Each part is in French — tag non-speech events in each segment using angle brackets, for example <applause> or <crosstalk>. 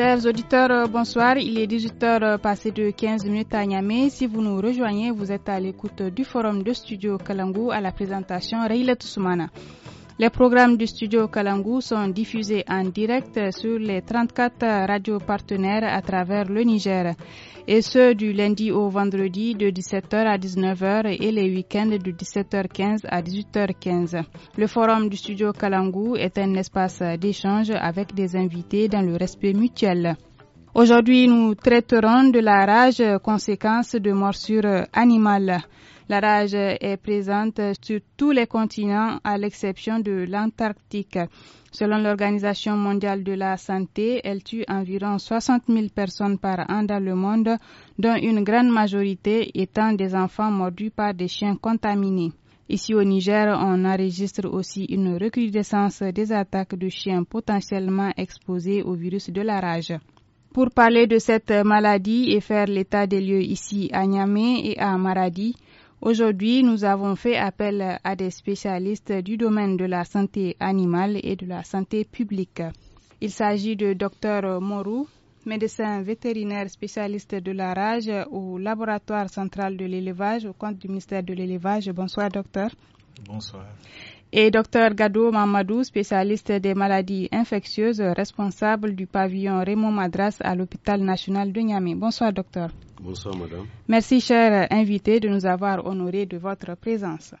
Chers auditeurs, euh, bonsoir. Il est 18h euh, passé de 15 minutes à Niamey. Si vous nous rejoignez, vous êtes à l'écoute du forum de studio Kalangu à la présentation Reilet Toussoumana. Les programmes du studio Kalangu sont diffusés en direct sur les 34 radios partenaires à travers le Niger et ceux du lundi au vendredi de 17h à 19h et les week-ends de 17h15 à 18h15. Le forum du studio Kalangu est un espace d'échange avec des invités dans le respect mutuel. Aujourd'hui, nous traiterons de la rage, conséquence de morsures animales. La rage est présente sur tous les continents à l'exception de l'Antarctique. Selon l'Organisation mondiale de la santé, elle tue environ 60 000 personnes par an dans le monde, dont une grande majorité étant des enfants mordus par des chiens contaminés. Ici au Niger, on enregistre aussi une recrudescence des attaques de chiens potentiellement exposés au virus de la rage. Pour parler de cette maladie et faire l'état des lieux ici à Niamey et à Maradi, Aujourd'hui, nous avons fait appel à des spécialistes du domaine de la santé animale et de la santé publique. Il s'agit de Dr Morou, médecin vétérinaire spécialiste de la rage au laboratoire central de l'élevage au compte du ministère de l'élevage. Bonsoir docteur. Bonsoir et Dr Gado Mamadou, spécialiste des maladies infectieuses, responsable du pavillon Raymond Madras à l'hôpital national de Niamey. Bonsoir docteur. Bonsoir madame. Merci cher invité de nous avoir honorés de votre présence.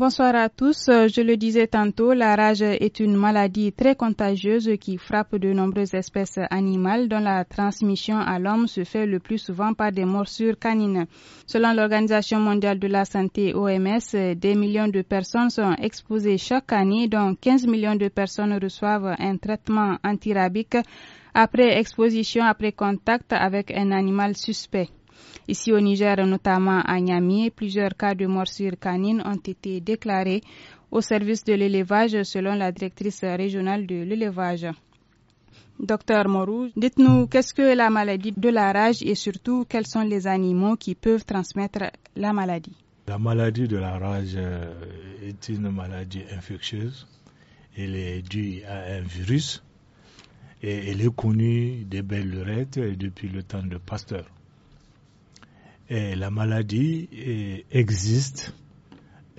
Bonsoir à tous. Euh, je le disais tantôt, la rage est une maladie très contagieuse qui frappe de nombreuses espèces animales dont la transmission à l'homme se fait le plus souvent par des morsures canines. Selon l'Organisation mondiale de la santé OMS, des millions de personnes sont exposées chaque année dont 15 millions de personnes reçoivent un traitement antirabique après exposition, après contact avec un animal suspect. Ici au Niger, notamment à Niamey, plusieurs cas de morsures canine ont été déclarés au service de l'élevage selon la directrice régionale de l'élevage. Docteur Morou, dites-nous qu'est-ce que la maladie de la rage et surtout quels sont les animaux qui peuvent transmettre la maladie La maladie de la rage euh, est une maladie infectieuse. Elle est due à un virus et elle est connue des belles lurettes depuis le temps de Pasteur la maladie eh, existe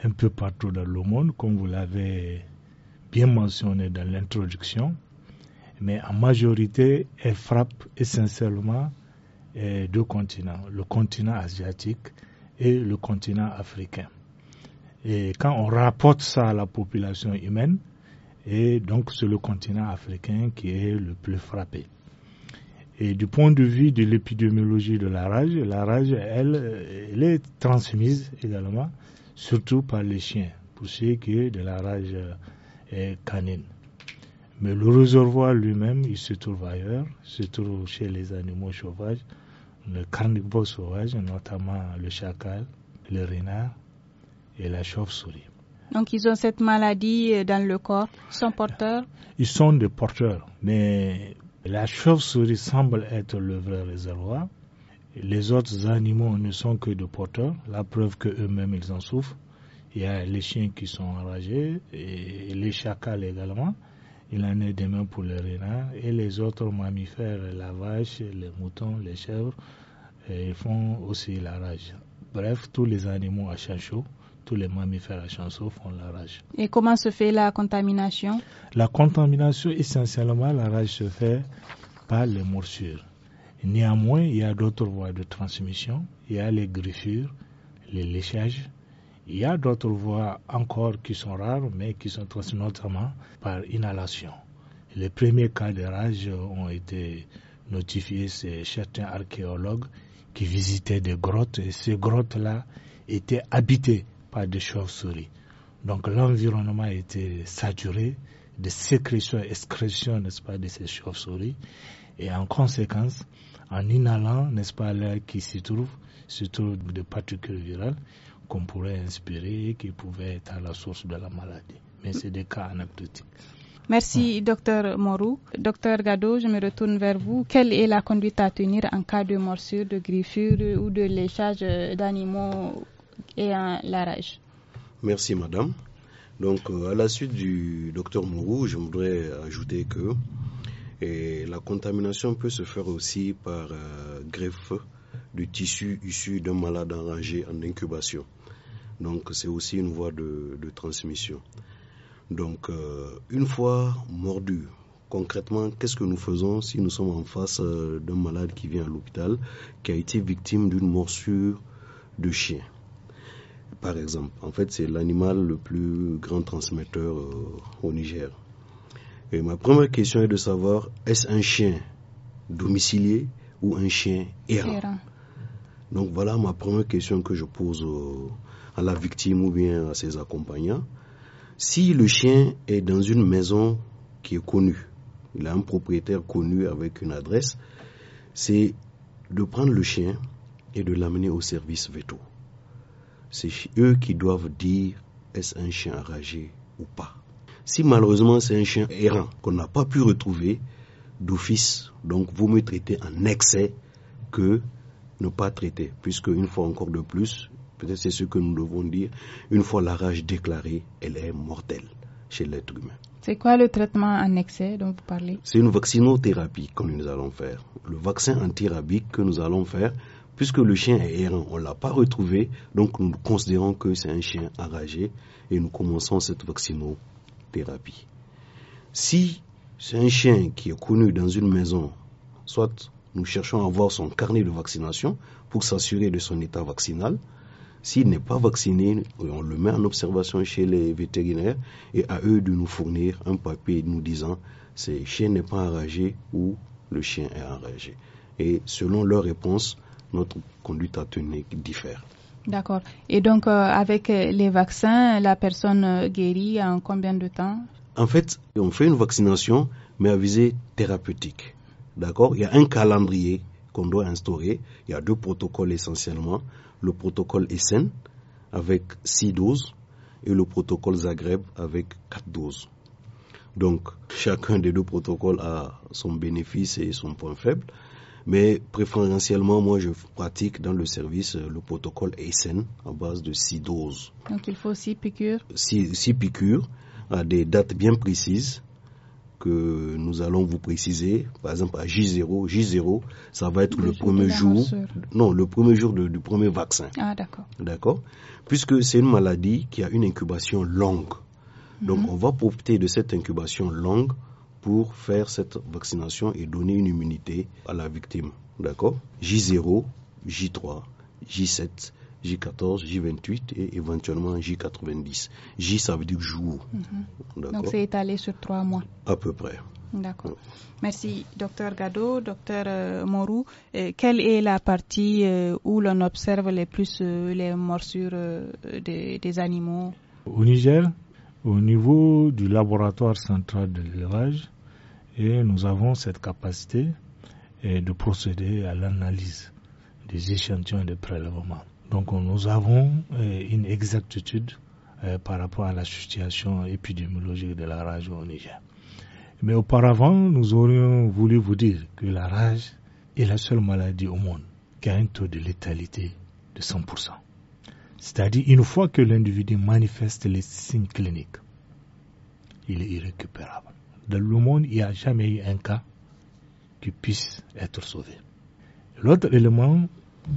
un peu partout dans le monde, comme vous l'avez bien mentionné dans l'introduction, mais en majorité, elle frappe essentiellement eh, deux continents, le continent asiatique et le continent africain. Et quand on rapporte ça à la population humaine, et donc c'est le continent africain qui est le plus frappé. Et du point de vue de l'épidémiologie de la rage, la rage, elle, elle est transmise également, surtout par les chiens, pour ce qui est de la rage euh, canine. Mais le réservoir lui-même, il se trouve ailleurs, il se trouve chez les animaux sauvages, le carnivore sauvage, notamment le chacal, le renard et la chauve-souris. Donc ils ont cette maladie euh, dans le corps, sont porteurs Ils sont des porteurs, mais la chauve-souris semble être le vrai réservoir. Les autres animaux ne sont que des porteurs, la preuve qu'eux-mêmes ils en souffrent. Il y a les chiens qui sont enragés et les chacals également. Il en est de même pour les renards et les autres mammifères, la vache, les moutons, les chèvres, ils font aussi la rage. Bref, tous les animaux à chaud tous les mammifères à chanceau font la rage. Et comment se fait la contamination La contamination, essentiellement, la rage se fait par les morsures. Néanmoins, il y a d'autres voies de transmission. Il y a les griffures, les léchages. Il y a d'autres voies encore qui sont rares, mais qui sont transmises notamment par inhalation. Les premiers cas de rage ont été notifiés chez certains archéologues qui visitaient des grottes et ces grottes-là étaient habitées pas des chauves-souris. Donc l'environnement était saturé de sécrétions, excrétions, n'est-ce pas, de ces chauves-souris. Et en conséquence, en inhalant, n'est-ce pas, l'air qui s'y trouve, se trouve de particules virales qu'on pourrait inspirer et qui pouvaient être à la source de la maladie. Mais c'est des cas anecdotiques. Merci, docteur Morou. Docteur Gado, je me retourne vers vous. Quelle est la conduite à tenir en cas de morsure, de griffure ou de léchage d'animaux et à la rage. Merci madame. Donc euh, à la suite du docteur Mourou, je voudrais ajouter que la contamination peut se faire aussi par euh, greffe du tissu issu d'un malade enragé en incubation. Donc c'est aussi une voie de, transmission. Donc euh, une fois mordu, concrètement, qu'est-ce que nous faisons si nous sommes en face d'un malade qui vient à l'hôpital, qui a été victime d'une morsure de chien par exemple. En fait, c'est l'animal le plus grand transmetteur euh, au Niger. Et ma première question est de savoir, est-ce un chien domicilié ou un chien errant Donc voilà ma première question que je pose euh, à la victime ou bien à ses accompagnants. Si le chien est dans une maison qui est connue, il a un propriétaire connu avec une adresse, c'est de prendre le chien et de l'amener au service veto c'est eux qui doivent dire est-ce un chien enragé ou pas. Si malheureusement c'est un chien errant qu'on n'a pas pu retrouver d'office, donc vous me traitez en excès que ne pas traiter, puisque une fois encore de plus, peut-être c'est ce que nous devons dire, une fois la rage déclarée, elle est mortelle chez l'être humain. C'est quoi le traitement en excès dont vous parlez C'est une vaccinothérapie que nous allons faire. Le vaccin antirabique que nous allons faire, Puisque le chien est errant, on ne l'a pas retrouvé, donc nous considérons que c'est un chien enragé et nous commençons cette vaccinothérapie. Si c'est un chien qui est connu dans une maison, soit nous cherchons à voir son carnet de vaccination pour s'assurer de son état vaccinal. S'il n'est pas vacciné, on le met en observation chez les vétérinaires et à eux de nous fournir un papier nous disant si le chien n'est pas enragé ou le chien est enragé. Et selon leur réponse, notre conduite à tenir diffère. D'accord. Et donc, euh, avec euh, les vaccins, la personne euh, guérit en combien de temps En fait, on fait une vaccination, mais à visée thérapeutique. D'accord Il y a un calendrier qu'on doit instaurer. Il y a deux protocoles essentiellement. Le protocole Essen avec 6 doses et le protocole Zagreb avec 4 doses. Donc, chacun des deux protocoles a son bénéfice et son point faible. Mais préférentiellement, moi, je pratique dans le service euh, le protocole ASEN e à base de 6 doses. Donc il faut 6 piqûres 6, piqûres à des dates bien précises que nous allons vous préciser. Par exemple, à J0, J0, ça va être le, premier jour. Non, le premier jour du premier vaccin. Ah, d'accord. D'accord Puisque c'est une maladie qui a une incubation longue. Donc, mm-hmm. on va profiter de cette incubation longue pour faire cette vaccination et donner une immunité à la victime. D'accord J0, J3, J7, J14, J28 et éventuellement J90. J, ça veut dire jour. Mhm. Donc, c'est étalé sur trois mois. À peu près. D'accord. Merci, docteur Gado, docteur euh, Morou. Euh, quelle est la partie euh, où l'on observe les plus les morsures des, des animaux Au Niger, au niveau du laboratoire central de l'élevage, et nous avons cette capacité eh, de procéder à l'analyse des échantillons et de prélèvements. Donc nous avons eh, une exactitude eh, par rapport à la situation épidémiologique de la rage au Niger. Mais auparavant, nous aurions voulu vous dire que la rage est la seule maladie au monde qui a un taux de létalité de 100%. C'est-à-dire, une fois que l'individu manifeste les signes cliniques, il est irrécupérable. Dans le monde, il n'y a jamais eu un cas qui puisse être sauvé. L'autre élément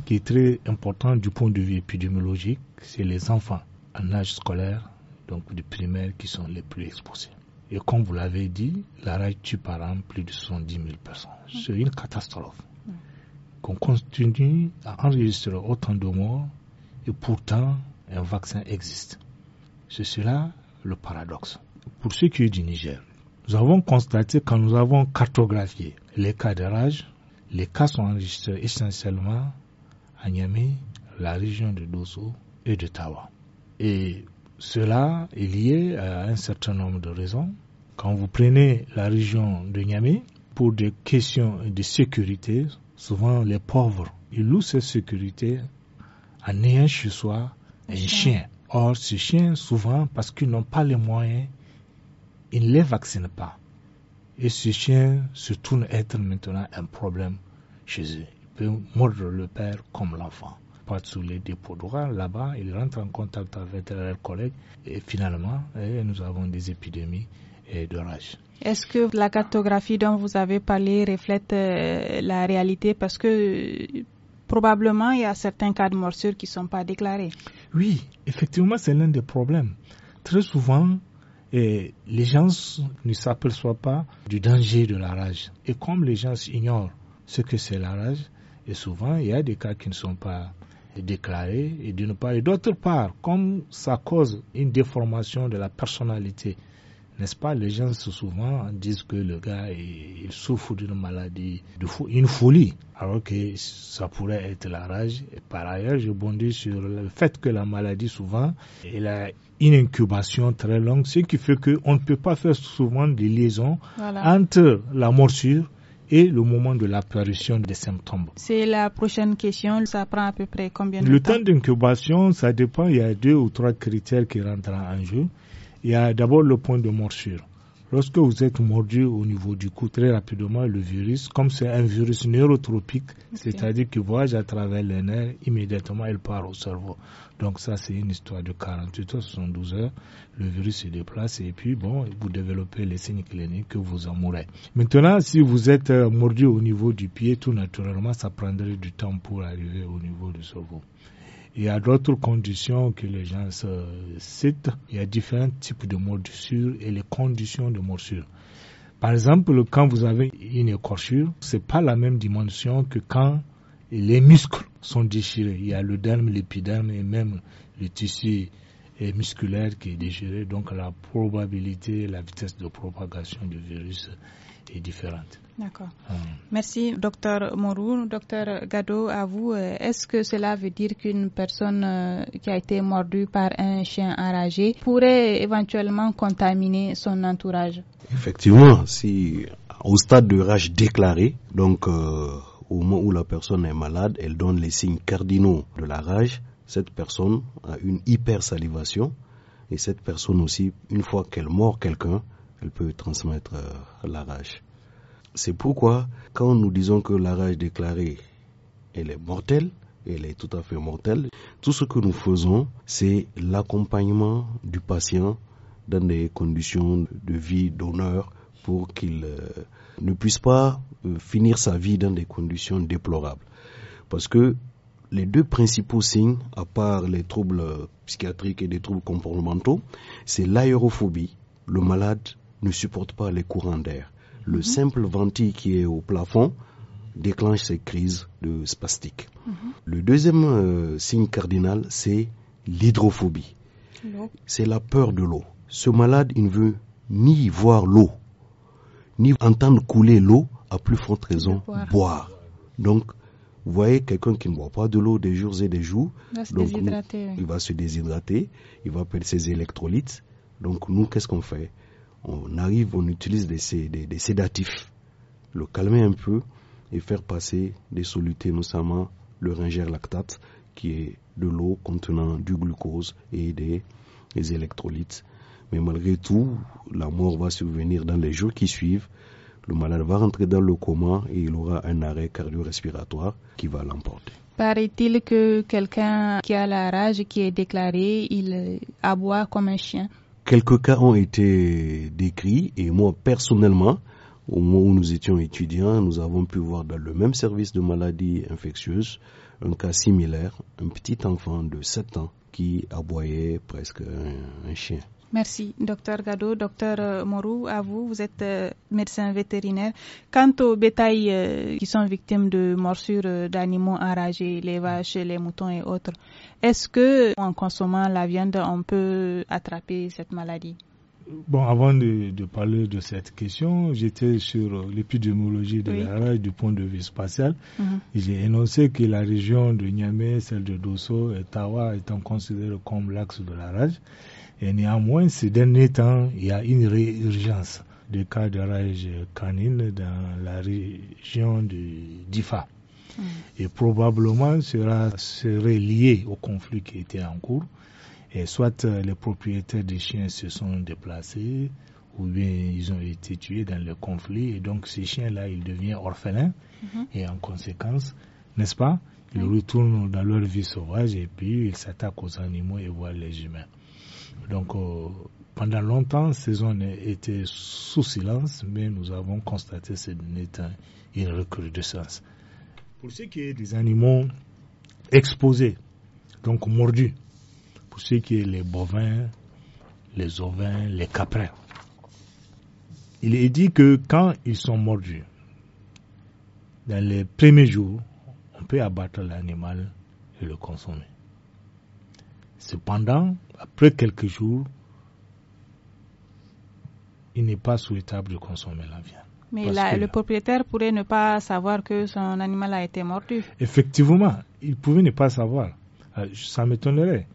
qui est très important du point de vue épidémiologique, c'est les enfants en âge scolaire, donc du primaire, qui sont les plus exposés. Et comme vous l'avez dit, la rage tue par an plus de 70 000 personnes. C'est une catastrophe. Qu'on continue à enregistrer autant de morts et pourtant un vaccin existe. C'est cela le paradoxe. Pour ceux qui est du Niger, nous avons constaté quand nous avons cartographié les cas de rage, les cas sont enregistrés essentiellement à Niamey, la région de Dosso et de Tawa. Et cela est lié à un certain nombre de raisons. Quand vous prenez la région de Niamey, pour des questions de sécurité, souvent les pauvres, ils louent cette sécurité en ayant chez soi un chien. Or, ce chiens souvent, parce qu'ils n'ont pas les moyens il ne les vaccine pas. Et ce chien se tourne être maintenant un problème chez eux. Il peut mordre le père comme l'enfant. Pas sous les dépôts droits, là-bas, il rentre en contact avec leurs collègues et finalement, eh, nous avons des épidémies de rage. Est-ce que la cartographie dont vous avez parlé reflète euh, la réalité Parce que probablement, il y a certains cas de morsures qui ne sont pas déclarés. Oui, effectivement, c'est l'un des problèmes. Très souvent, et les gens ne s'aperçoivent pas du danger de la rage. Et comme les gens ignorent ce que c'est la rage, et souvent il y a des cas qui ne sont pas déclarés, et d'une part. Et d'autre part, comme ça cause une déformation de la personnalité n'est-ce pas Les gens souvent disent que le gars il souffre d'une maladie, d'une folie, alors que ça pourrait être la rage. Et par ailleurs, je bondis sur le fait que la maladie souvent, elle a une incubation très longue, ce qui fait qu'on ne peut pas faire souvent des liaisons entre la morsure et le moment de l'apparition des symptômes. C'est la prochaine question. Ça prend à peu près combien de temps Le temps d'incubation, ça dépend. Il y a deux ou trois critères qui rentrent en jeu il y a d'abord le point de morsure. Lorsque vous êtes mordu au niveau du cou très rapidement, le virus, comme c'est un virus neurotropique, c'est-à-dire qu'il voyage à travers les nerfs, immédiatement il part au cerveau. Donc ça, c'est une histoire de 48 heures, 72 heures. Le virus se déplace et puis, bon, vous développez les signes cliniques que vous en mourrez. Maintenant, si vous êtes euh, mordu au niveau du pied, tout naturellement, ça prendrait du temps pour arriver au niveau du cerveau. Il y a d'autres conditions que les gens se citent. Il y a différents types de morsures et les conditions de morsure. Par exemple, quand vous avez une écorchure, n'est pas la même dimension que quand les muscles sont déchirés. Il y a le derme, l'épiderme et même le tissu musculaire qui est déchiré. Donc la probabilité, la vitesse de propagation du virus est différente. D'accord. Hum. Merci, docteur Morou. Docteur Gado, à vous, euh, est-ce que cela veut dire qu'une personne euh, qui a été mordue par un chien enragé pourrait éventuellement contaminer son entourage Effectivement, si au stade de rage déclaré, donc euh, au moment où la personne est malade, elle donne les signes cardinaux de la rage, cette personne a une hypersalivation et cette personne aussi, une fois qu'elle mord quelqu'un, elle peut transmettre la rage. C'est pourquoi, quand nous disons que la rage déclarée, elle est mortelle, elle est tout à fait mortelle, tout ce que nous faisons, c'est l'accompagnement du patient dans des conditions de vie d'honneur pour qu'il euh, ne puisse pas euh, finir sa vie dans des conditions déplorables. Parce que les deux principaux signes, à part les troubles euh, psychiatriques et les troubles comportementaux, c'est l'aérophobie. Le malade ne supporte pas les courants d'air. Le mhm. simple ventil qui est au plafond déclenche ces crises de spastiques. Mhm. Le deuxième euh, signe cardinal, c'est l'hydrophobie. C'est la peur de l'eau. Ce malade, il ne veut ni voir l'eau, ni entendre couler l'eau, à plus forte raison, boire. Donc, vous voyez quelqu'un qui ne boit pas de l'eau des jours et des jours, il va se déshydrater, il va perdre ses électrolytes. Donc nous, qu'est-ce qu'on fait on arrive, on utilise des, sédatifs, le calmer un peu et faire passer des solutés, notamment le ringer lactate, qui est de l'eau contenant du glucose et des, électrolytes. Mais malgré tout, la mort va survenir dans les jours qui suivent. Le malade va rentrer dans le coma et il aura un arrêt cardio-respiratoire qui va l'emporter. Paraît-il que quelqu'un qui a la rage, qui est déclaré, il aboie comme un chien Quelques cas ont été décrits et moi personnellement, au moment où nous étions étudiants, nous avons pu voir dans le même service de maladies infectieuses un cas similaire, un petit enfant de 7 ans qui aboyait presque un chien. Merci, docteur Gado. Docteur euh, Morou, à vous, vous êtes euh, médecin vétérinaire. Quant aux bétails euh, qui sont victimes de morsures d'animaux enragés, les vaches, les moutons et autres, est-ce que, en consommant la viande, on peut attraper cette maladie? Bon, avant de, parler de cette question, j'étais sur l'épidémiologie de la rage du point de vue spatial. Mhm. J'ai énoncé que la région de Niamey, celle de Dosso et Tawa étant considérées comme l'axe de la rage. Et néanmoins, ces derniers temps, il y a une réurgence de cas de rage canine dans la région de Difa. Hmm. Et probablement cela serait lié au conflit qui était en cours. Et soit euh, les propriétaires des chiens se sont déplacés, ou bien ils ont été tués dans le conflit. Et donc ces chiens-là, ils deviennent orphelins. Mm-hmm. Et en conséquence, n'est-ce pas, ils retournent dans leur vie sauvage et puis ils s'attaquent aux animaux et voient les humains. Donc, euh, pendant longtemps, ces zones étaient sous silence, mais nous avons constaté cette nette une recrudescence. Pour ce qui est des animaux exposés, donc mordus, pour ce qui est les bovins, les ovins, les caprins, il est dit que quand ils sont mordus, dans les premiers jours, on peut abattre l'animal et le consommer. Cependant, après quelques jours, il n'est pas souhaitable de consommer la viande. Mais le propriétaire pourrait ne pas savoir que son animal a été mordu. Effectivement, il pouvait ne pas savoir. Ah, ça m'étonnerait.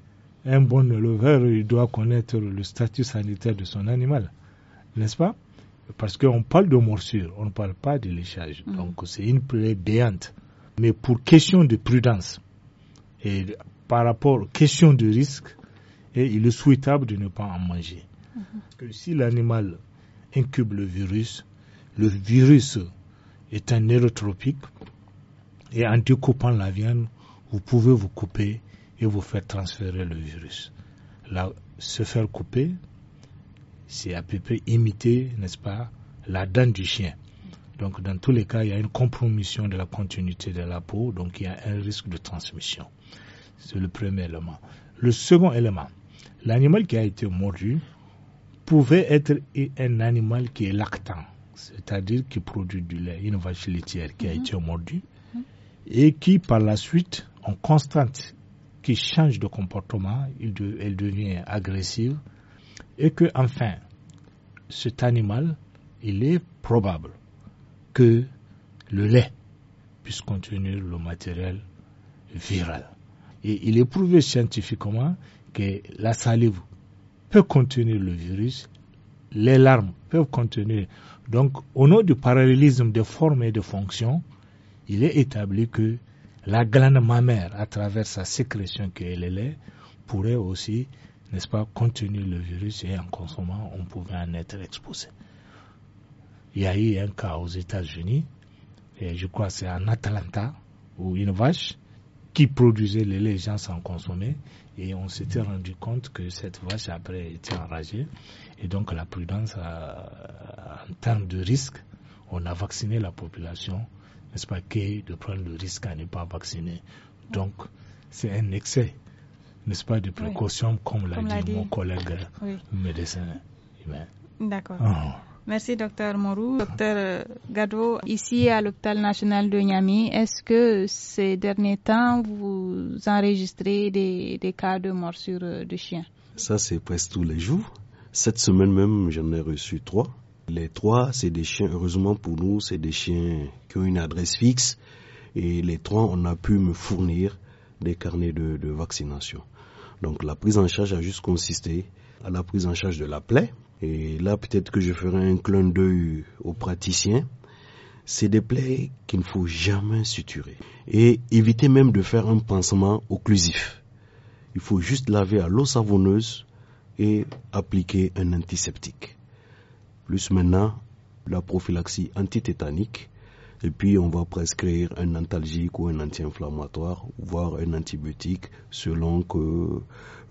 Un bon éleveur, il doit connaître le statut sanitaire de son animal, n'est-ce pas Parce qu'on parle de morsure, on ne parle pas de léchage. Mm. Donc c'est une plaie béante. Mais pour question de prudence et par rapport aux questions de risque et il est souhaitable de ne pas en manger. Mhm. que si l'animal incube le virus, le virus est un neurotropique et en découpant la viande, vous pouvez vous couper et vous faire transférer le virus. Là, se faire couper, c'est à peu près imiter, n'est-ce pas, la dent du chien. Donc, dans tous les cas, il y a une compromission de la continuité de la peau, donc il y a un risque de transmission. C'est le premier élément. Le second élément, l'animal qui a été mordu pouvait être un animal qui est lactant, c'est-à-dire qui produit du lait, une vache laitière qui a mhm. été mordue mhm. et qui par la suite, en constante, qui change de comportement, il elle devient agressive et que enfin, cet animal, il est probable que le lait puisse contenir le matériel viral. Et il est prouvé scientifiquement que la salive peut contenir le virus, les larmes peuvent contenir. Donc, au nom du parallélisme de forme et de fonction, il est établi que la glande mammaire, à travers sa sécrétion qu'elle est, pourrait aussi, n'est-ce pas, contenir le virus et en consommant, on pouvait en être exposé. Il y a eu un cas aux États-Unis, et je crois c'est en Atlanta, où une vache qui produisait les, les gens consommer. Et on s'était rendu compte que cette vache, après, était enragée. Et donc, la prudence, en termes de risque, on a vacciné la population, n'est-ce pas, que de prendre le risque à ne pas vacciner. Donc, c'est un excès, n'est-ce pas, de précaution, comme l'a dit, mon collègue médecin D'accord. Ah. Merci, docteur Morou. Docteur euh, Gado, ici à l'hôpital national de Niamey, est-ce que ces derniers temps, vous enregistrez des, cas de morsure euh, de chiens Ça, c'est presque tous les jours. Cette semaine même, j'en ai reçu trois. Les trois, c'est des chiens, heureusement pour nous, c'est des chiens qui ont une adresse fixe. Et les trois, on a pu me fournir des carnets de vaccination. Donc la prise en charge a juste consisté à la prise en charge de la plaie, et là, peut-être que je ferai un clin d'œil aux praticiens. C'est des plaies qu'il ne faut jamais suturer. Et éviter même de faire un pansement occlusif. Il faut juste laver à l'eau savonneuse et appliquer un antiseptique. Plus maintenant, la prophylaxie antitétanique et puis on va prescrire un antalgique ou un anti-inflammatoire, voire un antibiotique, selon que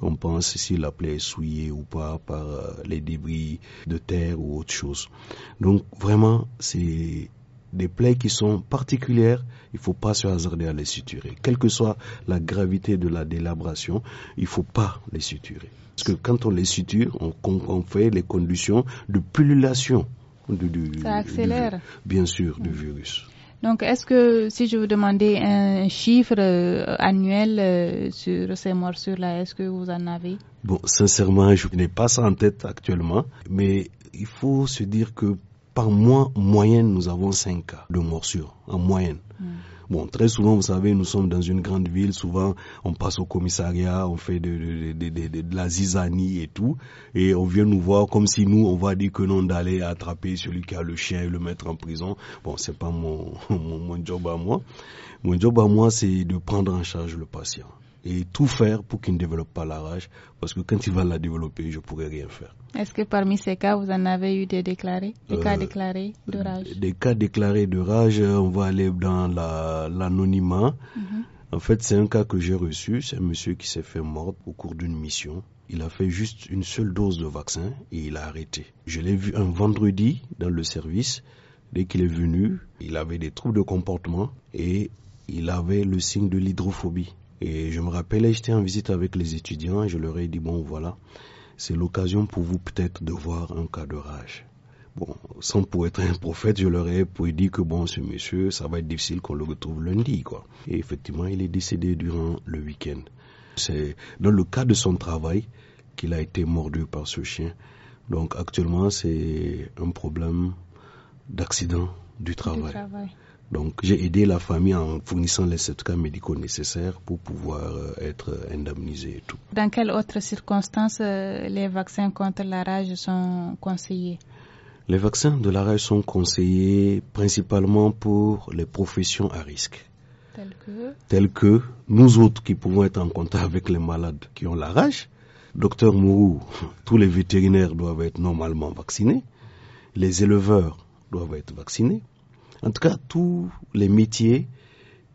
on pense si la plaie est souillée ou pas par euh, les débris de terre ou autre chose. Donc vraiment, c'est des plaies qui sont particulières, il faut pas se hasarder à les suturer. Quelle que soit la gravité de la délabration, il faut pas les suturer. Parce que quand on les suture, on, on fait les conditions de pullulation ça accélère. bien sûr, du mm. virus. Donc, est-ce que si je vous demandais un chiffre euh, annuel euh, sur ces morsures-là, est-ce que vous en avez Bon, sincèrement, je n'ai pas ça en tête actuellement, mais il faut se dire que par mois, moyen, moyenne, nous avons 5 cas de morsures, en moyenne. Mm. Bon, très souvent, vous savez, nous sommes dans une grande ville, souvent on passe au commissariat, on fait de, la zizanie et tout, et on vient nous voir comme si nous, on va dire que non, d'aller attraper celui qui a le chien et le mettre en prison. Bon, c'est pas mon <laughs> job à moi. Mon job à moi, c'est de prendre en charge le patient et tout faire pour qu'il ne développe pas la rage, parce que quand il va la développer, je ne pourrai rien faire. Est-ce que parmi ces cas, vous en avez eu des déclarés, des cas euh, déclarés de rage Des cas déclarés de rage, euh, on va aller dans l'anonymat. Mhm. En fait, c'est un cas que j'ai reçu, c'est un monsieur qui s'est fait mort au cours d'une mission. Il a fait juste une seule dose de vaccin et il a arrêté. Je l'ai vu un vendredi dans le service. Dès qu'il est venu, il avait des troubles de comportement et il avait le signe de l'hydrophobie. Et je me rappelle, j'étais en visite avec les étudiants et je leur ai dit, bon voilà, c'est l'occasion pour vous peut-être de voir un cas de rage. Bon, sans pour être un prophète, je leur ai dit que bon, ce monsieur, ça va être difficile qu'on le retrouve lundi, quoi. Et effectivement, il est décédé durant le week-end. C'est dans le cas de son travail qu'il a été mordu par ce chien. Donc actuellement, c'est un problème d'accident Du travail. Donc j'ai aidé la famille en fournissant les cas médicaux nécessaires pour pouvoir euh, être indemnisé et tout. Dans quelles autres circonstances euh, les vaccins contre la rage sont conseillés Les vaccins de la rage sont conseillés principalement pour les professions à risque. Telles que... que nous autres qui pouvons être en contact avec les malades qui ont la rage. Docteur Mourou, <laughs> tous les vétérinaires doivent être normalement vaccinés. Les éleveurs doivent être vaccinés en tout cas, tous les métiers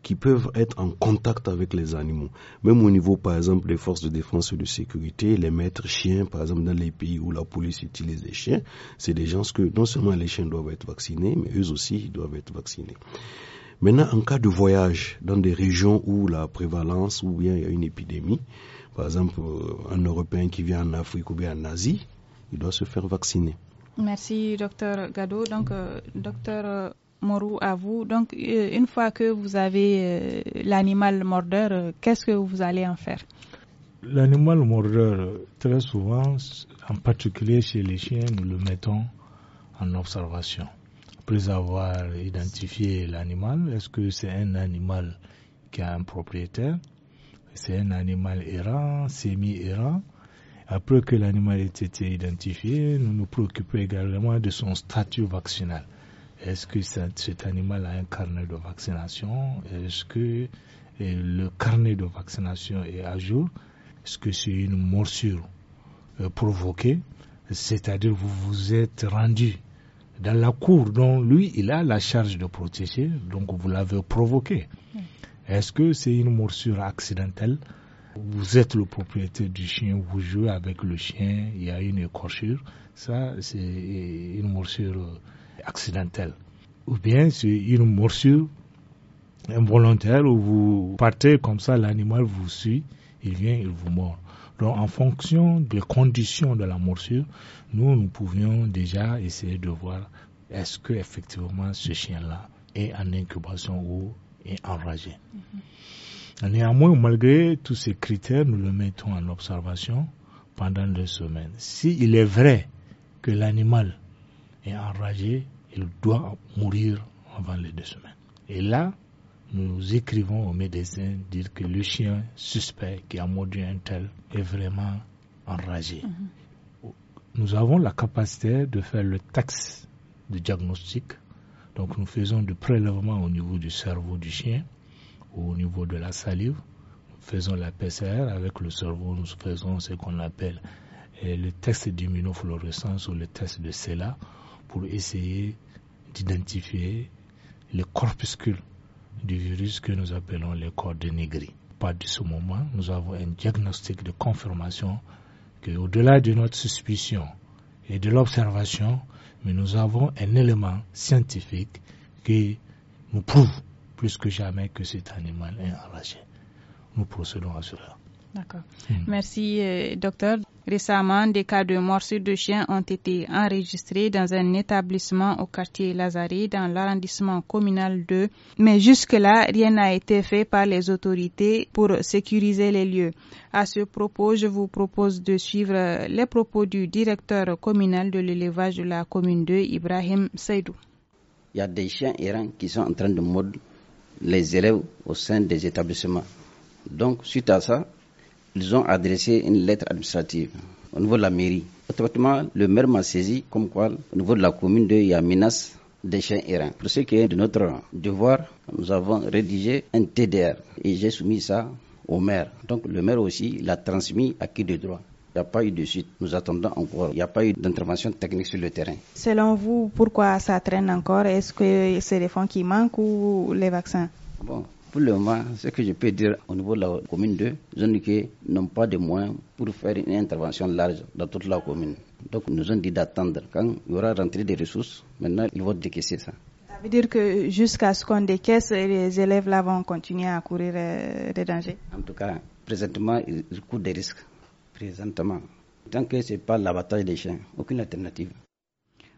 qui peuvent être en contact avec les animaux. Même au niveau, par exemple, des forces de défense et de sécurité, les maîtres chiens, par exemple, dans les pays où la police utilise les chiens, c'est des gens que non seulement les chiens doivent être vaccinés, mais eux aussi doivent être vaccinés. Maintenant, en cas de voyage dans des régions où la prévalence ou bien il y a une épidémie, par exemple, euh, un Européen qui vient en Afrique ou bien en Asie, il doit se faire vacciner. Merci, docteur Gado. Donc, euh, docteur euh, Morou, à vous. Donc, euh, une fois que vous avez euh, l'animal mordeur, euh, qu'est-ce que vous allez en faire L'animal mordeur, très souvent, en particulier chez les chiens, nous le mettons en observation. Après avoir identifié l'animal, est-ce que c'est un animal qui a un propriétaire C'est un animal errant, semi-errant Après que l'animal ait été identifié, nous nous préoccupons également de son statut vaccinal. Est-ce que cet animal a un carnet de vaccination Est-ce que eh, le carnet de vaccination est à jour Est-ce que c'est une morsure euh, provoquée C'est-à-dire vous vous êtes rendu dans la cour dont lui, il a la charge de protéger, donc vous l'avez provoqué. Est-ce que c'est une morsure accidentelle Vous êtes le propriétaire du chien, vous jouez avec le chien, il y a une écorchure. Ça, c'est eh, une morsure euh, accidentelle. Ou bien c'est une morsure involontaire où vous partez comme ça, l'animal vous suit, il vient, il vous mord. Donc en fonction des conditions de la morsure, nous, nous pouvions déjà essayer de voir est-ce que effectivement ce chien-là est en incubation ou est enragé. Mm-hmm. Néanmoins, malgré tous ces critères, nous le mettons en observation pendant deux semaines. S'il est vrai que l'animal est enragé, il doit mourir avant les deux semaines. Et là, nous écrivons aux médecins, dire que le chien suspect qui a mordu un tel est vraiment enragé. Mm-hmm. Nous avons la capacité de faire le texte de diagnostic. Donc nous faisons du prélèvement au niveau du cerveau du chien au niveau de la salive. Nous faisons la PCR avec le cerveau, nous faisons ce qu'on appelle eh, le test d'immunofluorescence ou le test de CELA pour essayer d'identifier les corpuscules du virus que nous appelons les corps de négri. Pas de ce moment, nous avons un diagnostic de confirmation que, au-delà de notre suspicion et de l'observation, mais nous avons un élément scientifique qui nous prouve plus que jamais que cet animal est enragé. Nous procédons à cela. D'accord. Hmm. Merci, euh, docteur. Récemment, des cas de morsures de chiens ont été enregistrés dans un établissement au quartier Lazare dans l'arrondissement communal 2, mais jusque-là, rien n'a été fait par les autorités pour sécuriser les lieux. À ce propos, je vous propose de suivre les propos du directeur communal de l'élevage de la commune 2, Ibrahim Seydou. Il y a des chiens errants qui sont en train de mordre les élèves au sein des établissements. Donc, suite à ça, ils ont adressé une lettre administrative au niveau de la mairie. Autrement, le maire m'a saisi comme quoi, au niveau de la commune de Yaminas, des chiens errants. Pour ce qui est de notre devoir, nous avons rédigé un TDR et j'ai soumis ça au maire. Donc le maire aussi l'a transmis à qui de droit. Il n'y a pas eu de suite. Nous attendons encore. Il n'y a pas eu d'intervention technique sur le terrain. Selon vous, pourquoi ça traîne encore Est-ce que c'est les fonds qui manquent ou les vaccins pour le moment, ce que je peux dire au niveau de la commune 2, qu'ils n'ont pas de moyens pour faire une intervention large dans toute la commune. Donc, nous avons dit d'attendre. Quand il y aura rentré des ressources, maintenant, ils vont décaisser ça. Ça veut dire que jusqu'à ce qu'on décaisse, les élèves là vont continuer à courir euh, des dangers En tout cas, présentement, ils courent des risques. Présentement. Tant que ce n'est pas l'abattage des chiens, aucune alternative.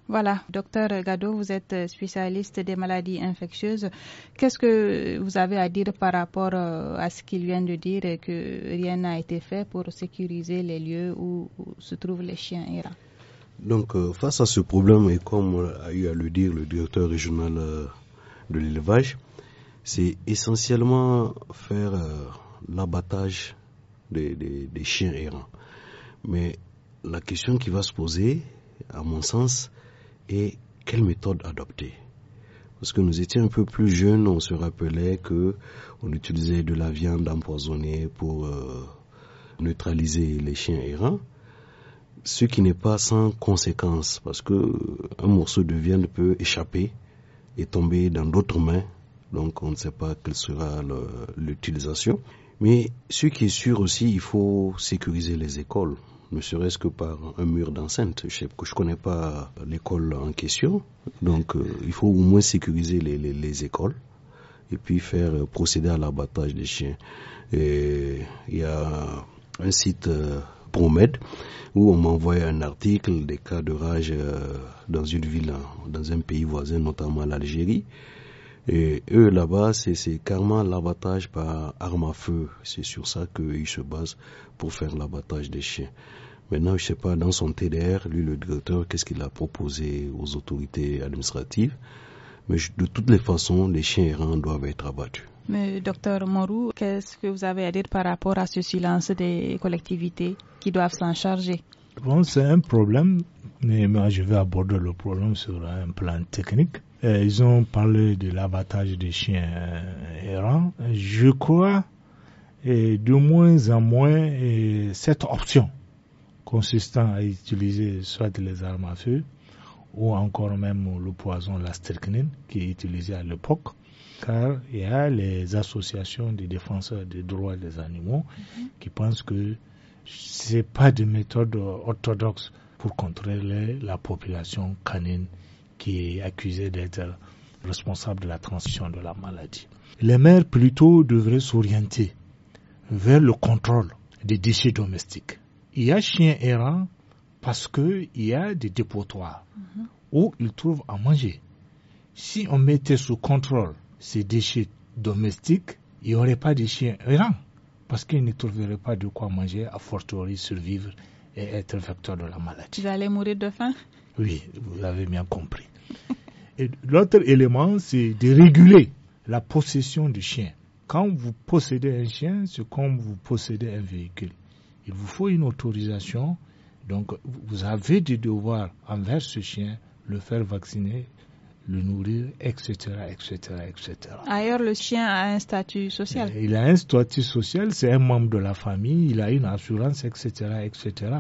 Voilà, docteur Gado, vous êtes spécialiste des maladies infectieuses. Qu'est-ce que vous avez à dire par rapport euh, à ce qu'il vient de dire et que rien n'a été fait pour sécuriser les lieux où se trouvent les chiens errants Donc, euh, face à ce problème, et comme a eu à le dire le directeur régional euh, de l'élevage, c'est essentiellement faire l'abattage des chiens errants. Mais la question qui va se poser, à mon sens, et quelle méthode adopter parce que nous étions un peu plus jeunes, on se rappelait que on utilisait de la viande empoisonnée pour euh, neutraliser les chiens errants, ce qui n'est pas sans conséquence parce que euh, un morceau de viande peut échapper et tomber dans d'autres mains, donc on ne sait pas quelle sera l'utilisation. Mais ce qui est sûr aussi, il faut sécuriser les écoles ne serait-ce que par un mur d'enceinte. Je ne connais pas l'école en question, donc euh, il faut au moins sécuriser les, écoles et puis faire euh, procéder à l'abattage des chiens. Et il y a un site euh, Promed où on m'envoie un article des cas de rage dans une ville, dans un pays voisin, notamment l'Algérie. Et eux, là-bas, c'est carrément l'abattage par arme à feu. C'est sur ça qu'ils se basent pour faire l'abattage des chiens. Maintenant, je ne sais pas, dans son TDR, lui, le directeur, qu'est-ce qu'il a proposé aux autorités administratives. Mais de toutes les façons, les chiens errants doivent être abattus. Mais docteur Morou, qu'est-ce que vous avez à dire par rapport à ce silence des collectivités qui doivent s'en charger c'est un problème, mais je vais aborder le problème sur un plan technique. Euh, ils ont parlé de l'abattage des chiens euh, errants. Je crois et de moins en moins cette option consistant à utiliser soit les armes à feu ou encore même le poison, la strychnine, qui est utilisée à l'époque, car il y a les associations des défenseurs des droits des animaux mhm. qui pensent que ce pas de méthode orthodoxe pour contrôler la population canine qui est accusé d'être responsable de la transmission de la maladie. Les maires plutôt devraient s'orienter vers le contrôle des déchets domestiques. Il y a chiens errants parce qu'il y a des dépotoirs où ils trouvent à manger. Si on mettait sous contrôle ces déchets domestiques, il n'y aurait pas de chiens errants parce qu'ils ne trouveraient pas de quoi manger, à fortiori survivre et être vecteur de la maladie. Ils allaient mourir de faim oui, vous avez bien compris. Et l'autre élément, c'est de réguler la possession du chien. Quand vous possédez un chien, c'est comme vous possédez un véhicule. Il vous faut une autorisation. Donc, vous avez des devoirs envers ce chien, le faire vacciner, le nourrir, etc., etc., etc. Ailleurs, le chien a un statut social. Il a un statut social, c'est un membre de la famille, il a une assurance, etc., etc.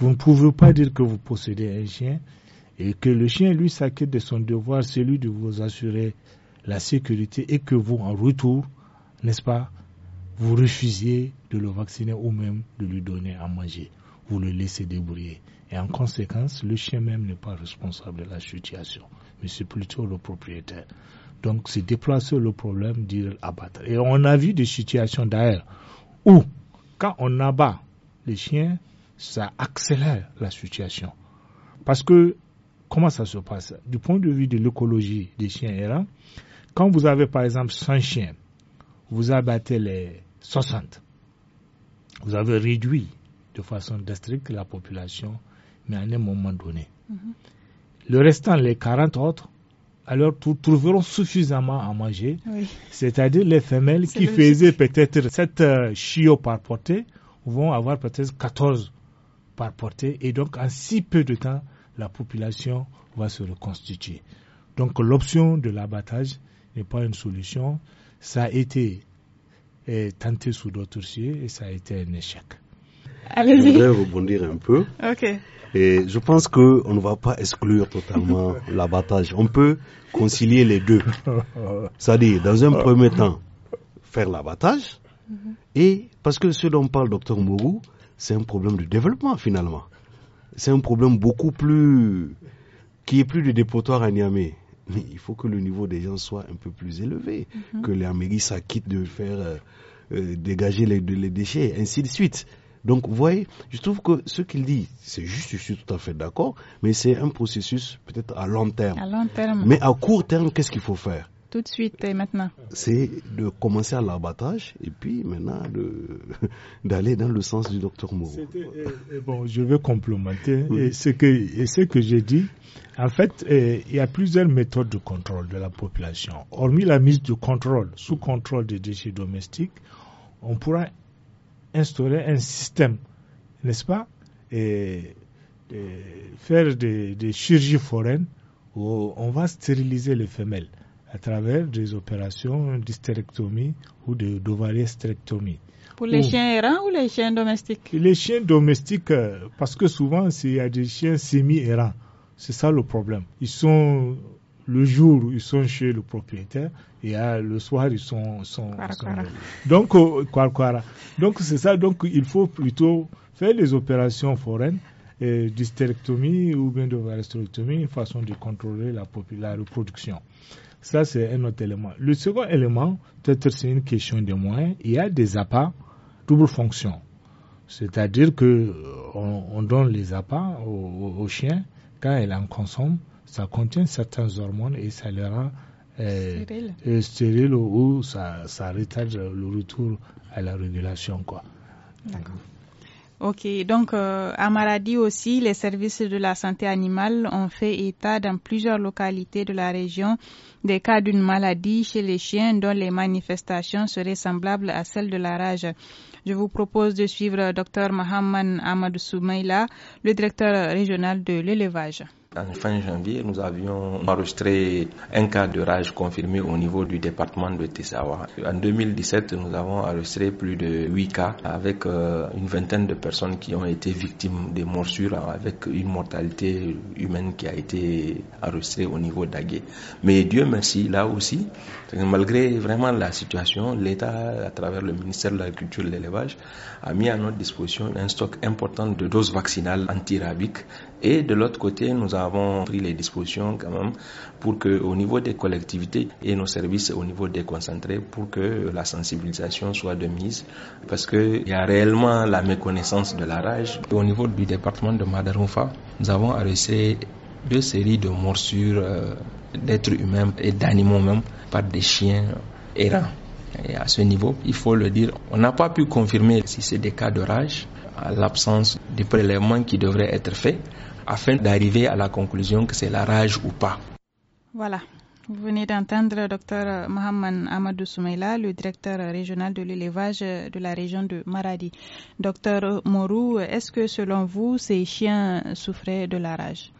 Vous ne pouvez pas dire que vous possédez un chien et que le chien, lui, s'acquitte de son devoir, celui de vous assurer la sécurité et que vous, en retour, n'est-ce pas, vous refusiez de le vacciner ou même de lui donner à manger. Vous le laissez débrouiller. Et en conséquence, le chien même n'est pas responsable de la situation, mais c'est plutôt le propriétaire. Donc, c'est déplacer le problème, dire abattre. Et on a vu des situations d'ailleurs où, quand on abat les chiens, ça accélère la situation. Parce que, comment ça se passe Du point de vue de l'écologie des chiens errants, quand vous avez par exemple 100 chiens, vous abattez les 60. Vous avez réduit de façon drastique la population, mais à un moment donné. Mm-hmm. Le restant, les 40 autres, alors trouveront suffisamment à manger, c'est-à-dire les femelles qui faisaient peut-être 7 euh, chiots par portée vont avoir peut-être 14 par portée et donc en si peu de temps, la population va se reconstituer. Donc l'option de l'abattage n'est pas une solution. Ça a été eh, tenté sous d'autres cieux et ça a été un échec. Je voudrais rebondir un peu. Et je pense qu'on ne va pas exclure totalement <laughs> l'abattage. On peut concilier les deux. <laughs> C'est-à-dire, dans un premier temps, faire l'abattage. Mhm. Et parce que ce dont parle docteur Mourou, c'est un problème de développement finalement. C'est un problème beaucoup plus qui est plus de dépotoir à Niamey. Mais il faut que le niveau des gens soit un peu plus élevé, mhm. que les Américains s'acquittent de faire euh, euh, dégager les, déchets, ainsi de suite. Donc, vous voyez, je trouve que ce qu'il dit, c'est juste, je suis tout à fait d'accord, mais c'est un processus peut-être À long terme. Mais à court terme, qu'est-ce qu'il faut faire tout de suite et maintenant C'est de commencer à l'abattage et puis maintenant <laughs> d'aller dans le sens du docteur Moore. bon, je veux complémenter ce que, j'ai dit. En fait, il y a plusieurs méthodes de contrôle de la population. Hormis la mise de contrôle, sous contrôle des déchets domestiques, on pourra instaurer un système, n'est-ce pas et, faire des, des chirurgies foraines où on va stériliser les femelles à travers des opérations d'hystérectomie ou d'ovariestrectomie. Pour les chiens errants ou les chiens domestiques Les chiens domestiques, euh, parce que souvent, il y a des chiens semi-errants. C'est ça le problème. Ils sont le jour, ils sont chez le propriétaire et le soir, ils sont. Euh, donc, c'est ça. Donc, il faut plutôt faire les opérations foraines euh, d'hystérectomie ou bien de une façon de contrôler la, la reproduction. Ça, c'est un autre élément. Le second élément, peut-être c'est une question de moyens. Il y a des appâts double fonction. C'est-à-dire que euh, on, donne les appâts aux chiens, Quand ils en consomment, ça contient certains hormones et ça les rend euh, stérile, euh, ou, ça, ça retarde le retour à la régulation. Quoi. D'accord. Ok, donc euh, à Maradi aussi, les services de la santé animale ont fait état dans plusieurs localités de la région des cas d'une maladie chez les chiens dont les manifestations seraient semblables à celles de la rage. Je vous propose de suivre Dr Mohamed Amadou Soumaila, le directeur régional de l'élevage. En fin janvier, nous avions enregistré un cas de rage confirmé au niveau du département de Tessawa. En 2017, nous avons enregistré plus de 8 cas avec euh, une vingtaine de personnes qui ont été victimes des morsures avec une mortalité humaine qui a été enregistrée au niveau d'Agué. Mais Dieu merci, là aussi, malgré vraiment la situation, l'État, à travers le ministère de l'Agriculture et de l'Élevage, a mis à notre disposition un stock important de doses vaccinales antirabiques et de l'autre côté, nous avons pris les dispositions quand même pour que au niveau des collectivités et nos services au niveau des concentrés pour que la sensibilisation soit de mise parce que il y a réellement la méconnaissance de la rage. Au niveau du département de Madaroufa, nous avons arrêté deux séries de morsures euh, d'êtres humains et d'animaux même par des chiens errants. Et à ce niveau, il faut le dire, on n'a pas pu confirmer si c'est des cas de rage, à l'absence des prélèvements qui devraient être faits afin d'arriver à la conclusion que c'est la rage ou pas. Voilà. Vous venez d'entendre Dr Mohamed Amadou Soumeila, le directeur régional de l'élevage de la région de Maradi. Docteur Morou, est-ce que selon vous, ces chiens souffraient de la rage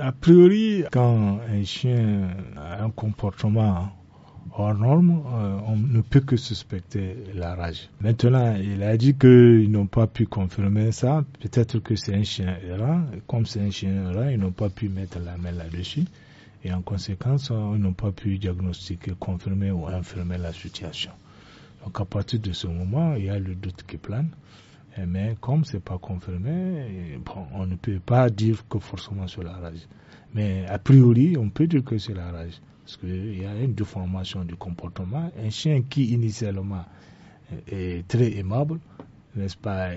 A priori, quand un chien a un comportement hors norme, euh, on ne peut que suspecter la rage. Maintenant, il a dit qu'ils n'ont pas pu confirmer ça. Peut-être que c'est un chien errant. Comme c'est un chien errant, ils n'ont pas pu mettre la main là-dessus. Et en conséquence, ils n'ont pas pu diagnostiquer, confirmer ou infirmer la situation. Donc à partir de ce moment, il y a le doute qui plane. Mais eh comme c'est pas confirmé, bon, on ne peut pas dire que forcément c'est la rage. Mais a priori, on peut dire que c'est la rage. Parce qu'il y a une déformation du comportement. Un chien qui initialement est très aimable, n'est-ce pas,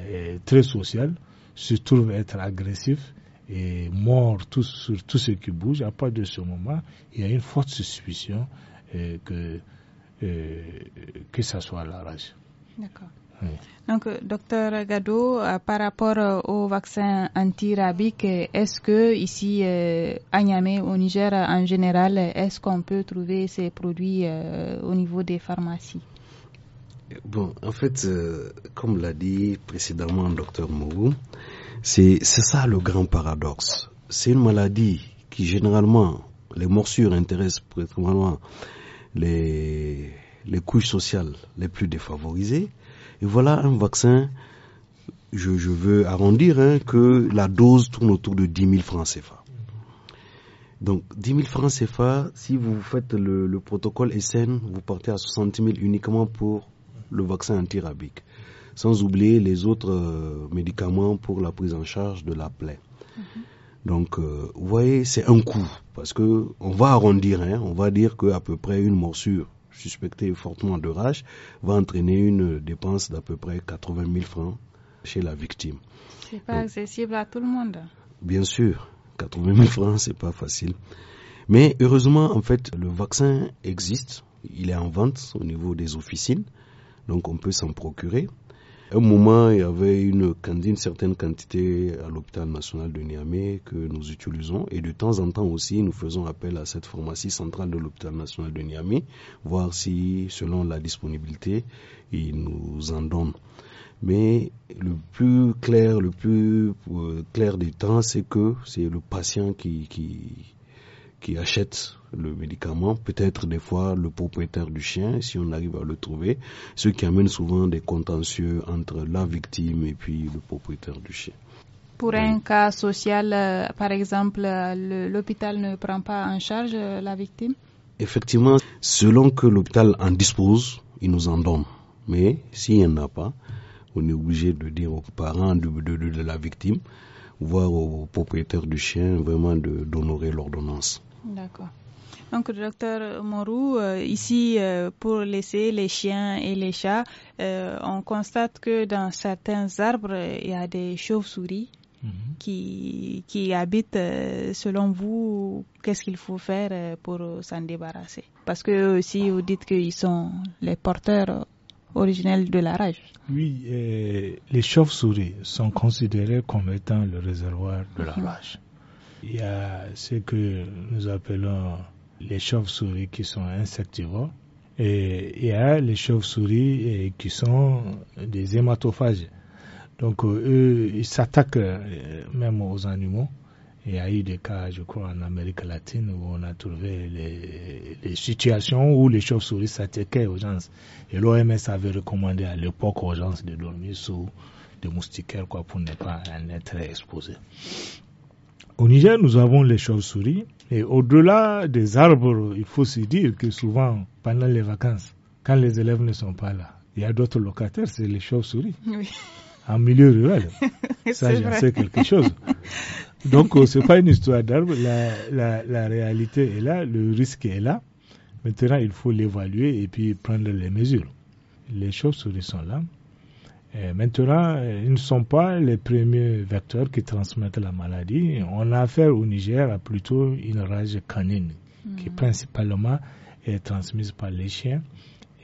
très social, se trouve être agressif et mord sur tout ce qui bouge. À partir de ce moment, il y a une forte suspicion euh, que, ce euh, que ça soit la rage. D'accord. Donc, euh, docteur Gado, euh, par rapport euh, au vaccin anti est-ce que ici à Niamey, au Niger en général, est-ce qu'on peut trouver ces produits au niveau des pharmacies Bon, en fait, comme l'a dit précédemment docteur Mourou, c'est ça le grand paradoxe. C'est une maladie qui généralement, les morsures intéressent principalement les, les couches sociales les plus défavorisées. Et voilà un vaccin, je, veux arrondir, hein, que la dose tourne autour de 10 000 francs CFA. Donc 10 000 francs CFA, si vous faites le, protocole SN, vous partez à 60 000 uniquement pour le vaccin antirabique, sans oublier les autres euh, médicaments pour la prise en charge de la plaie. Mm-hmm. Donc, euh, vous voyez, c'est un coût parce que on va arrondir, hein. on va dire qu'à peu près une morsure suspecté fortement de rage, va entraîner une dépense d'à peu près 80 000 francs chez la victime. C'est pas accessible à tout le monde. Bien sûr, 80 000 francs, c'est pas facile. Mais heureusement, en fait, le vaccin existe. Il est en vente au niveau des officines. Donc, on peut s'en procurer un moment, il y avait une, une certaine quantité à l'hôpital national de Niamey que nous utilisons et de temps en temps aussi, nous faisons appel à cette pharmacie centrale de l'hôpital national de Niamey, voir si, selon la disponibilité, ils nous en donnent. Mais le plus clair, le plus euh, clair des temps, c'est que c'est le patient qui, qui achète le médicament, peut-être des fois le propriétaire du chien, si on arrive à le trouver, ce qui amène souvent des contentieux entre la victime et puis le propriétaire du chien. Pour un cas social, euh, par exemple, euh, l'hôpital ne prend pas en charge euh, la victime Effectivement, selon que l'hôpital en dispose, il nous en donne. Mais s'il n'y en a pas, on est obligé de dire aux parents de, de, de, de la victime, voire au propriétaire du chien, vraiment d'honorer l'ordonnance. D'accord. Donc, docteur Morou, euh, ici, euh, pour laisser les chiens et les chats, euh, on constate que dans certains arbres, il y a des chauves-souris mhm. qui, qui habitent. Selon vous, qu'est-ce qu'il faut faire pour s'en débarrasser Parce que si vous dites qu'ils sont les porteurs originels de la rage. Oui, les chauves-souris sont considérés comme étant le réservoir de la mhm. rage. Il y a ce que nous appelons les chauves-souris qui sont insectivores. Et il y a les chauves-souris eh, qui sont des hématophages. Donc euh, eux, ils s'attaquent euh, même aux animaux. Il y a eu des cas, je crois, en Amérique latine où on a trouvé les, situations où les chauves-souris s'attaquaient aux gens. Et l'OMS avait recommandé à l'époque aux gens de dormir sous des moustiquaires quoi, pour ne pas en être exposés. Au Niger, nous avons les chauves-souris. Et au-delà des arbres, il faut se dire que souvent, pendant les vacances, quand les élèves ne sont pas là, il y a d'autres locataires, c'est les chauves-souris. Oui. En milieu rural. <laughs> Ça, j'en sais quelque chose. Donc, euh, ce n'est pas une histoire d'arbre. La, la, réalité est là, le risque est là. Maintenant, il faut l'évaluer et puis prendre les mesures. Les chauves-souris sont là maintenant, ils ne sont pas les premiers vecteurs qui transmettent la maladie. On a affaire au Niger à plutôt une rage canine qui mm. principalement est transmise par les chiens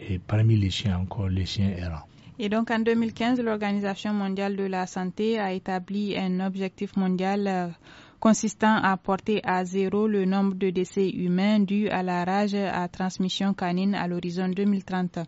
et parmi les chiens encore les chiens errants. Et donc en 2015, l'Organisation mondiale de la santé a établi un objectif mondial euh, consistant à porter à zéro le nombre de décès humains dus à la rage à transmission canine à l'horizon 2030.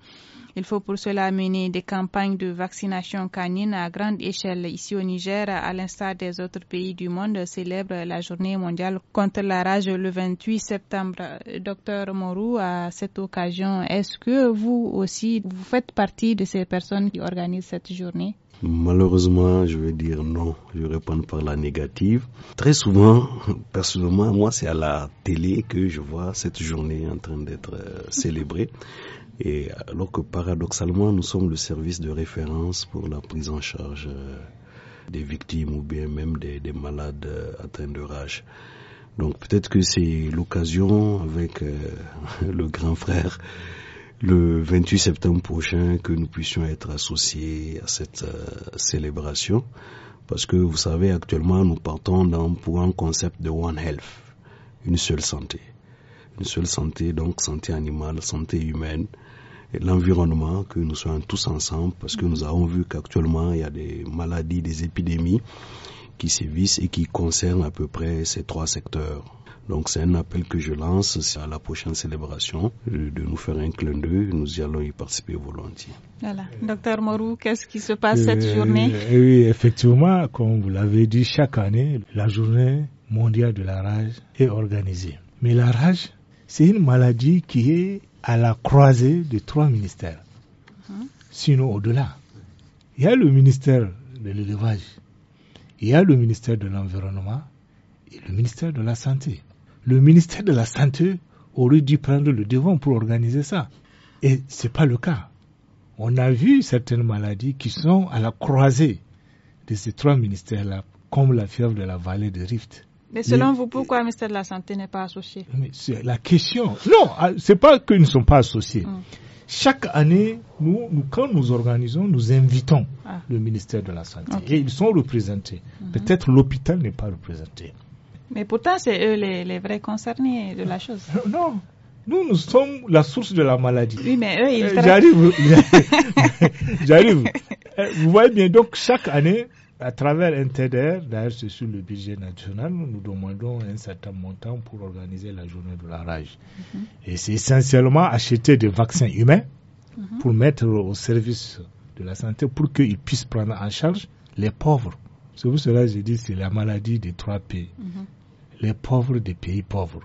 Il faut pour cela mener des campagnes de vaccination canine à grande échelle. Ici au Niger, à l'instar des autres pays du monde, célèbre la journée mondiale contre la rage le 28 septembre. Docteur Morou, à cette occasion, est-ce que vous aussi, vous faites partie de ces personnes qui organisent cette journée Malheureusement, je vais dire non. Je réponds par la négative. Très souvent, personnellement, moi, c'est à la télé que je vois cette journée en train d'être euh, célébrée. Et alors que paradoxalement, nous sommes le service de référence pour la prise en charge euh, des victimes ou bien même des, malades euh, atteints de rage. Donc peut-être que c'est l'occasion avec euh, <laughs> le grand frère le 28 septembre prochain que nous puissions être associés à cette célébration parce que vous savez actuellement nous partons dans, pour un concept de One Health, une seule santé. Une seule santé, donc santé animale, santé humaine, l'environnement, que nous soyons tous ensemble, parce que nous avons vu qu'actuellement, il y a des maladies, des épidémies qui sévissent et qui concernent à peu près ces trois secteurs. Donc c'est un appel que je lance à la prochaine célébration euh, de nous faire un clin d'œil. Nous y allons y participer volontiers. Voilà. Docteur Morou, qu'est-ce qui se passe cette euh, journée eh Oui, effectivement, comme vous l'avez dit, chaque année, la journée mondiale de la rage est organisée. Mais la rage, c'est une maladie qui est à la croisée de trois ministères, mhm. sinon au-delà. Il y a le ministère de l'élevage, il y a le ministère de l'environnement et le ministère de la santé. Le ministère de la santé aurait dû prendre le devant pour organiser ça. Et ce n'est pas le cas. On a vu certaines maladies qui sont à la croisée de ces trois ministères-là, comme la fièvre de la vallée de Rift. Mais selon vous, pourquoi le ministère de la Santé n'est pas associé C'est la question. Non, ah, c'est pas qu'ils ne sont pas associés. Hmm. Chaque année, nous, quand nous organisons, nous invitons ah. le ministère de la Santé. Et ils sont représentés. Hmm. Peut-être l'hôpital n'est pas représenté. Mais pourtant, c'est eux les, vrais concernés de la chose. Euh, non. Nous, nous sommes la source de la maladie. Oui, mais eux, ils... Euh, j'arrive. <laughs> <laughs> J'arrive. Euh, vous voyez bien, donc chaque année, à travers un TDR, d'ailleurs c'est sur le budget national, nous demandons un certain montant pour organiser la journée de la rage. Mhm. Et c'est essentiellement acheter des vaccins humains mhm. pour mettre au service de la santé pour qu'ils puissent prendre en charge les pauvres. C'est pour cela que j'ai dit c'est la maladie des trois pays. Mhm. Les pauvres des pays pauvres.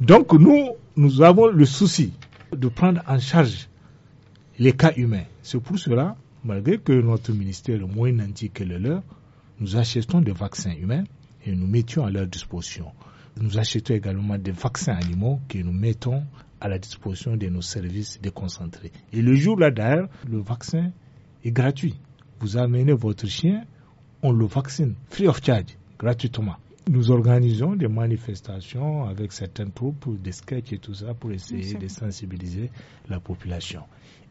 Donc nous, nous avons le souci de prendre en charge les cas humains. C'est pour cela malgré que notre ministère est moins nanti que le leur, nous achetons des vaccins humains et nous mettions à leur disposition. Nous achetons également des vaccins animaux que nous mettons à la disposition de nos services déconcentrés. Et le jour-là, d'ailleurs, le vaccin est gratuit. Vous amenez votre chien, on le vaccine free of charge, gratuitement. Nous organisons des manifestations avec certaines troupes, des sketchs et tout ça pour essayer de sensibiliser la population.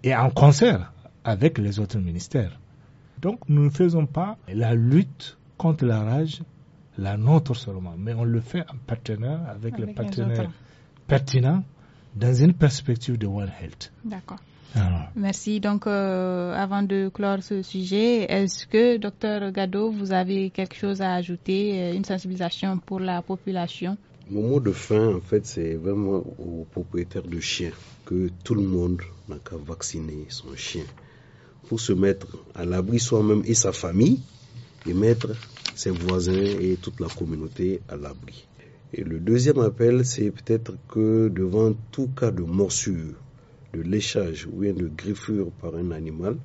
Et en concert avec les autres ministères. Donc nous ne faisons pas la lutte contre la rage, la nôtre seulement, mais on le fait en partenaire avec, les partenaires pertinents dans une perspective de One Health. D'accord. Merci. Donc, euh, avant de clore ce sujet, est-ce que, docteur Gado, vous avez quelque chose à ajouter, euh, une sensibilisation pour la population Mon mot de fin, en fait, c'est vraiment aux propriétaires de chiens que tout le monde n'a qu'à vacciner son chien pour se mettre à l'abri soi-même et sa famille et mettre ses voisins et toute la communauté à l'abri. Et le deuxième appel, c'est peut-être que devant tout cas de morsure, de léchage ou de griffure par un animal,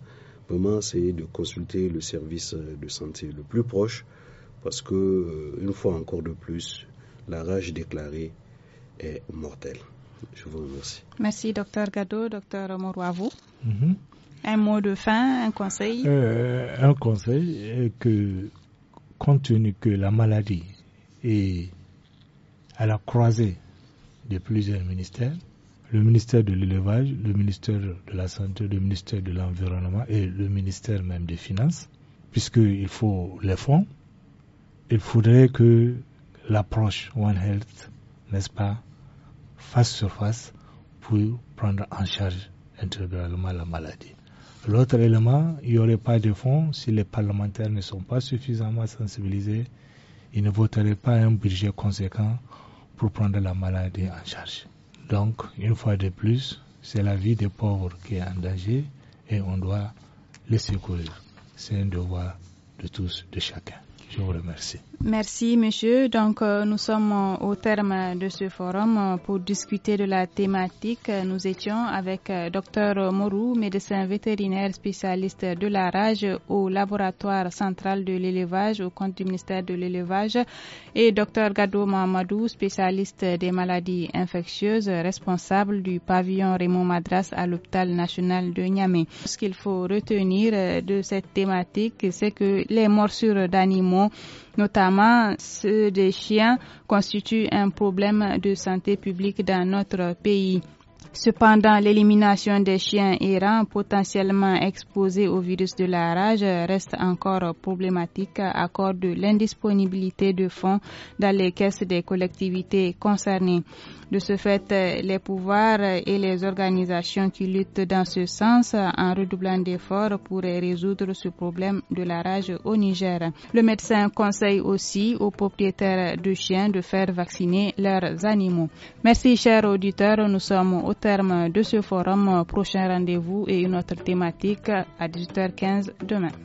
vraiment c'est de consulter le service de santé le plus proche parce que, euh, une fois encore de plus, la rage déclarée est mortelle. Je vous remercie. Merci, docteur Gado, docteur Moro, vous. Mm-hmm. Un mot de fin, un conseil euh, Un conseil est que, compte tenu que la maladie est à la croisée de plusieurs ministères, le ministère de l'élevage, le ministère de la santé, le ministère de l'environnement et le ministère même des finances, puisqu'il faut les fonds, il faudrait que l'approche One Health, n'est-ce pas, fasse surface pour prendre en charge intégralement la maladie. L'autre élément, il n'y aurait pas de fonds si les parlementaires ne sont pas suffisamment sensibilisés. Ils ne voteraient pas un budget conséquent pour prendre la maladie en charge. Donc, une fois de plus, c'est la vie des pauvres qui est en danger et on doit les secourir. C'est un devoir de tous, de chacun. Je vous remercie. Merci, monsieur. Donc, euh, nous sommes euh, au terme de ce forum euh, pour discuter de la thématique. Nous étions avec docteur Morou, médecin vétérinaire spécialiste de la rage au laboratoire central de l'élevage au compte du ministère de l'élevage et Dr Gado Mamadou, spécialiste des maladies infectieuses, responsable du pavillon Raymond Madras à l'hôpital national de Niamey. Ce qu'il faut retenir de cette thématique, c'est que les morsures d'animaux Notamment, ceux des chiens constituent un problème de santé publique dans notre pays. Cependant, l'élimination des chiens errants potentiellement exposés au virus de la rage reste encore problématique à cause de l'indisponibilité de fonds dans les caisses des collectivités concernées. De ce fait, les pouvoirs et les organisations qui luttent dans ce sens en redoublant d'efforts pourraient résoudre ce problème de la rage au Niger. Le médecin conseille aussi aux propriétaires de chiens de faire vacciner leurs animaux. Merci, chers auditeurs. Nous sommes terme de ce forum. Prochain rendez-vous et une autre thématique à 18h15 demain.